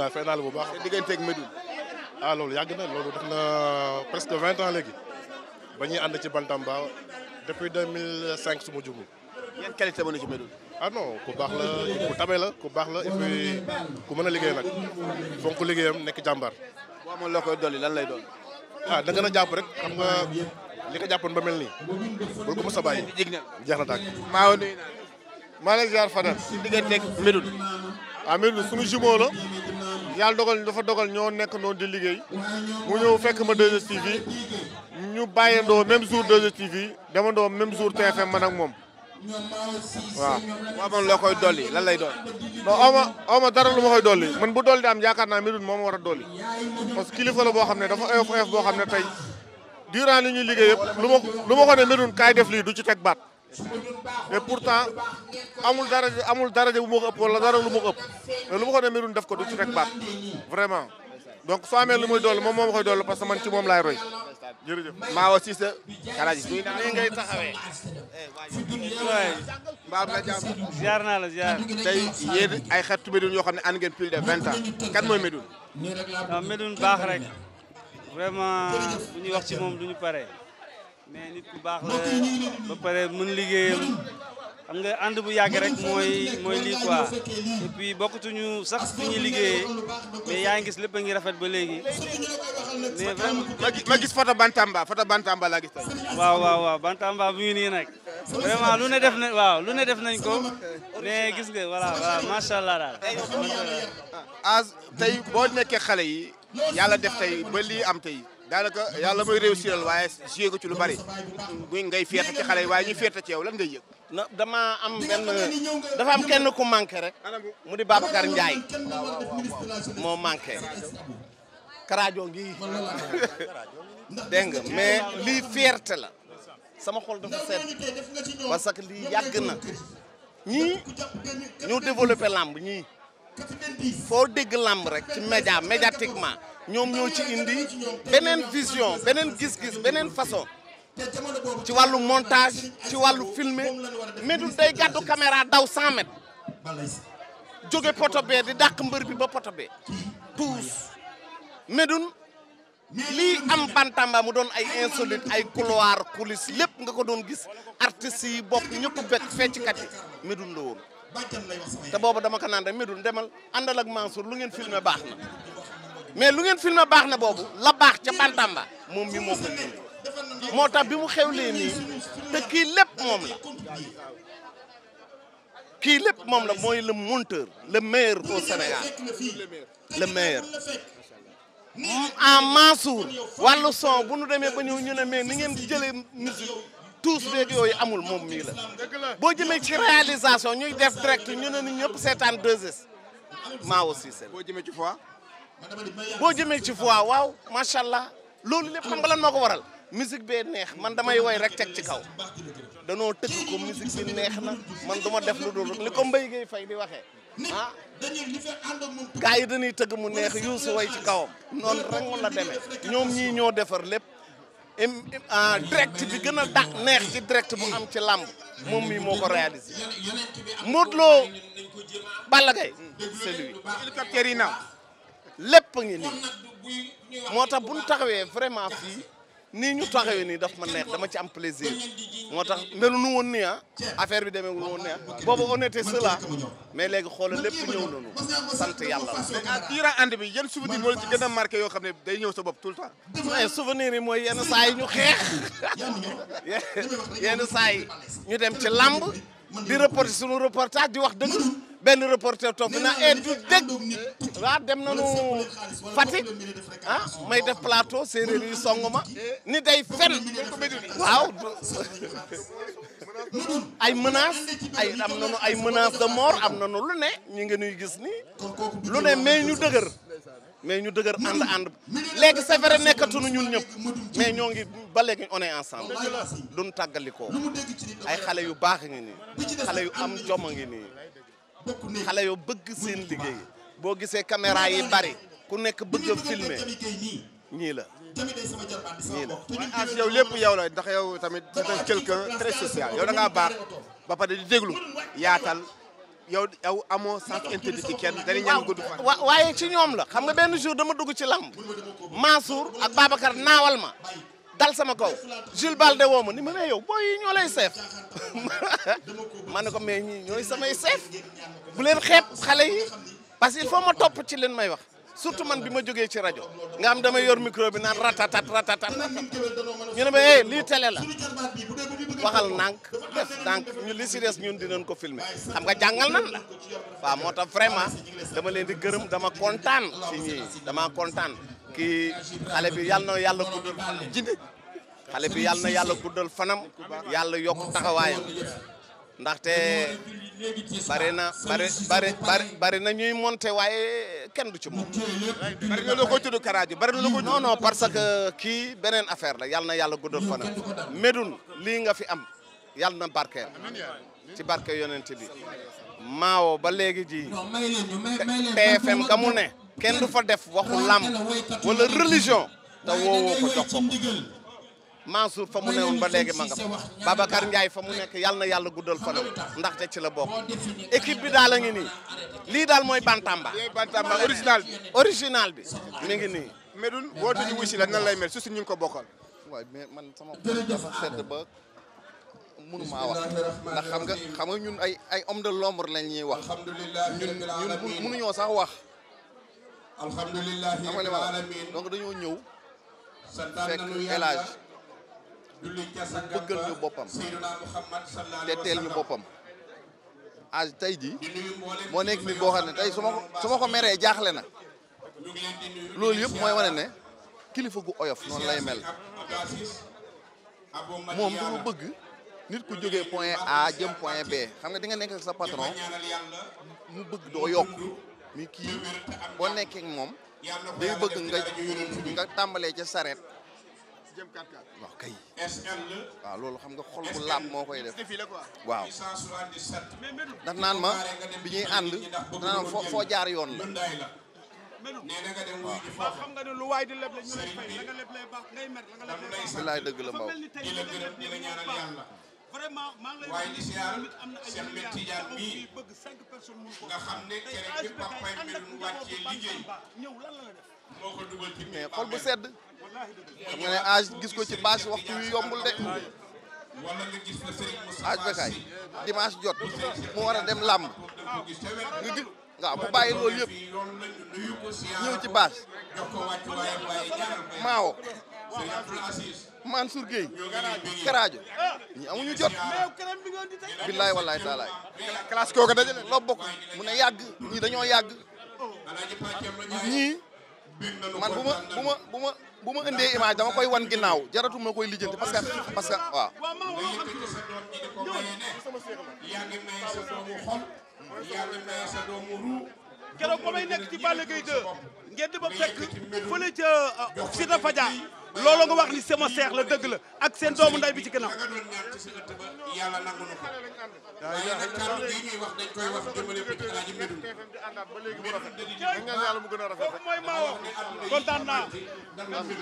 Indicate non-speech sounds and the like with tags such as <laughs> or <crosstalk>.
waaw fay naa la bu baax te digganteeg Médoune. ah loolu yàgg na loolu def na presque vingt ans léegi ba ñuy ànd ci Bantamba depuis deux mille cinq su ma jublu. yan qualité mën na ci Médoune. ah non ku baax la ku tabe la ku baax la et ku mën a liggéey nag fonk liggéeyam nekk jàmbaar. boo amoon loo koy dolli lan lay doon. a ah, da nga a jàpp rek xam nga li ko ba mel nii bul ko mos a jeex na tàkk. maa ngi nuyu naa. maa ngi lay ziar Fadal. digganteeg Médoune. waaw Médoune suñu jumeau la yàlla dogal dafa dogal ñoo nekk noonu di liggéey mu ñëw fekk ma 2STV ñu bàyyandoo même jour 2STV demandoo même jour TFM man ak moom waaw. waaw man loo dolli lan lay doon. non aw ma aw dara lu dolli man bu dolli daam yaakaar naa Médoune moom war a dolli parce que kilifa boo xam ne dafa oyof oyof boo xam ne tey durant li ñuy liggéey yëpp lu ma lu ma ko def lii du ci teg baat. et pourtant amul dara amul dara bu ma ko ëpp wala dara lu ko ëpp lu ma ko ne Medoune def ko du ci rek baat vraiment donc soo amee lu muy dolli moom moo ma koy dolli parce que man ci moom laay roy jërëjëf Maawa Cissé Kalaji ni ngay taxawee waay mbaam na jàmm ziar naa la ziar tey yéen ay xeetu Medoune yoo xam ne ànd ngeen plus de vingt ans kan mooy Medoune waaw Medoune baax rek vraiment bu ñuy wax ci moom ñu pare mais nit bu baax la ba pare mën liggéeyam xam nga ànd bu yàgg rek mooy mooy lii quoi et puis sax fi ñuy liggéeyee mais yaa ngi gis lépp a ngi rafet ba léegi mais vraiment. ma gis photo Bantamba photo Bantamba laa gis tey. waaw waaw waaw Bantamba bu ñu nii nag vraiment lu ne def nañ waaw lu def nañ ko mais gis nga voilà voilà macha allah daal. tey boo nekkee xale yi yàlla def tey ba am tey. ka yàlla mooy réussiral waaye joué ko ci lu bari bu ngay féete ci xale yi waaye ñu féete ci yow lan ngay yëg. na dama am dafa am kenn ku manqué rek mu di Babacar Ndiaye moo manqué karaajo ngi dégg nga mais lii fierté la sama xol dafa sedd parce que lii yàgg na ñii ñoo développé lamb ñii foo dégg làmb rek ci média médiatiquement ñoom ñoo ci indi beneen vision beneen gis beneen façon ci wàllu montage ci wàllu filmer mais du day gàddu caméra daw 100 mètres jóge di dàq mbër bi ba poto bee tous Médoune am Bantamba mu doon ay insolite ay couloir coulisse lépp nga ko doon gis artistes yi bokk ñëpp bekk fecckat yi Médoune la woon te booba dama ko naan rek demal àndal ak Mansour lu ngeen filmer baax na mais lu ngeen a baax na boobu la baax ca Bantamba moom mi moo ko moo tax bi mu xew xewlee nii te kii lépp moom la kii lépp moom la mooy le monteur le meilleur au Sénégal le meilleur en ah, Mansour wàllu son bu nu demee ba ñëw ñu ne mais ni ngeen jëlee musique tous beeg yooyu amul moom mii la boo jëmee ci réalisation ñuy def direct ñu ne ni ñëpp seetaan 2S maa aussi c'est boo jëmee ci fois boo jëmee ci fois waaw macha allah loolu lépp xam nga lan moo ko waral musique bee neex man damay woy rek teg ci kaw danoo tëgg ko musique bi neex na man duma def lu dul ni ko Mbaye Gueye Faye di waxee ah gars yi dañuy tëgg mu neex yuusu woy ci kawam noonu rek mun na demee ñoom ñii ñoo defar lépp ah, direct bi gën a da neex ci direct bu am ci làmp moom mii moo ko réalisé Modou Lo Balla Gaye c'est yi naaw lépp ngi nii moo tax bu ñu taxawee vraiment fii nii ñu taxawee nii daf ma neex dama ci am plaisir moo tax melu nu woon nii ah affaire bi demeewul woon nii ah boobu on était cela ah, mais léegi xoolal lépp ñëw nañu sant yàlla la. Ah, durant ànd bi yan souvenir moo la ci gën a marqué yoo xam ne day ñëw sa bopp tout le temps. mais souvenirs yi mooy yenn saa yi ñu xeex <laughs> yenn saa yi ñu dem ci làmb di reporter suñu reportage di wax dëgg. benn reporter topp na et eh, du dégg waaw dem nañu Fatick ah, ah may def plateau séeréer yi song ma ni day fen waaw ay menaces ay am na nañu ay menaces de mort am nañu lu ne ñi ngi nuy gis nii lu ne mais ñu dëgër mais ñu dëgër ànd ànd léegi c'est vrai nekkatuñu ñun ñëpp mais ñoo ngi ba léegi on est ensemble duñ tàggalikoo ay xale yu baax ngi nii xale yu am jom a ngi nii xale yoo bëgg seen liggéey boo gisee caméra yi bari ku nekk bëgg a filmer ñii la ñii la waaye as yow lépp yow la ndax yow tamit c'est quelqu'un très social yow da ngaa baax ba pare di déglu yaatal yow yow amoo sens interdit ci kenn ñaan gudd fan waaye ci ñoom la xam nga benn jour dama dugg ci lamb Mansour ak Babacar naawal ma dal sama kaw Jules Balde woo ma ni ma ne yow booy yi ñoo lay seef <laughs> ma ne ko mais ñii ñooy samay seef bu leen xeeb xale yi parce que il faut ma topp ci leen may wax surtout man bi ma jógee ci rajo nga am dama yor micro bi naan ratatat ratatat ñu ne ma eh lii télé la waxal ndànk def ndànk ñu li si des ñun dinañ ko filme xam nga jàngal nan la waaw moo tax vraiment dama leen di gërëm dama kontaan ci ñii dama kontaan. kii xale bi yàlla na yàlla guddal fanam jinde xale bi yàlla na yàlla guddal fanam yàlla yokk taxawaayam ndaxte bari na bari bari bari na ñuy monte waaye kenn du ci moom. bari na loo koy bari na loo koy. parce que kii beneen affaire la yàlla na yàlla guddal fanam Médoune lii nga fi am yàlla na barkeel ci barke yonent bi maawo ba léegi ji TFM ka mu kenn du fa def waxu làmb wala religion te woowoo ko jox ko Mansour fa mu newoon ba léegi ma nga fa Babacar Ndiaye fa mu nekk yàlla na yàlla guddal fanam ndaxte ci la bokk équipe bi daal a ngi nii lii daal mooy Bantamba. Bantamba original bi. original bi mi ngi nii. Médoune woote ñu wuy si la nan lay mel su si ñu ko bokkal. waaw mais man sama sedd ba mënu maa wax ndax xam nga xam nga ñun ay ay homme de l'ombre lañ ñuy wax ñun ñun sax wax. alhamdulilahi rabbil alamin donc dañoo ñëw fekk El Hadj bëggal ñu boppam te teel ñu boppam ag tey jii moo nekk nit boo xam ne tey su ma ko meree jaaxle na loolu yëpp mooy wane ne kilifa gu oyof noonu lay mel moom dafa bëgg nit ku jógee point A jëm point B xam nga di nga nekk sa patron mu bëgg doo yokk ni kii boo nekkee moom day bëgg nga tàmbalee ca sareet jëm kat waaw loolu xam nga xol bu laab moo koy def waaw daf naan ma bi ñuy ànd naan foo jaar yoon la waaw lay fay la nga leble dëgg la mbaw vraiment maa ngi lay waaye di siyaar Cheikh Mbaye Tidiane mii bu sedd xam gis ko ci baas waxtu yu yombul de wala bakaay dimanche jot mu war a dem làmb nga gis waaw bu bàyyi loolu yëpp ñëw ci bâche maawo Mansour Gueye Karaajo ñi amuñu jot billaay wallaay taalaay classe kooku dajale loo bokk mu ne yàgg ñi dañoo yàgg ñii man bu ma bu ma bu ma bu ma indee image dama koy wan ginnaaw jaratu ma koy lijjanti parce que parce que waaw keroog ba may nekk ci Balla Gaye di ba fekk fële ca euh, Sida Fadia loolu nga wax ni sama seex la dëgg la ak seen doomu nday bi ci ginnaaw. yàlla nangu na ko. waaye nag kàddu gi ñuy wax dañ koy wax jëmale ko ci alaaji Medoune. Medoune dëgg yi. mooy maa wax kontaan naa.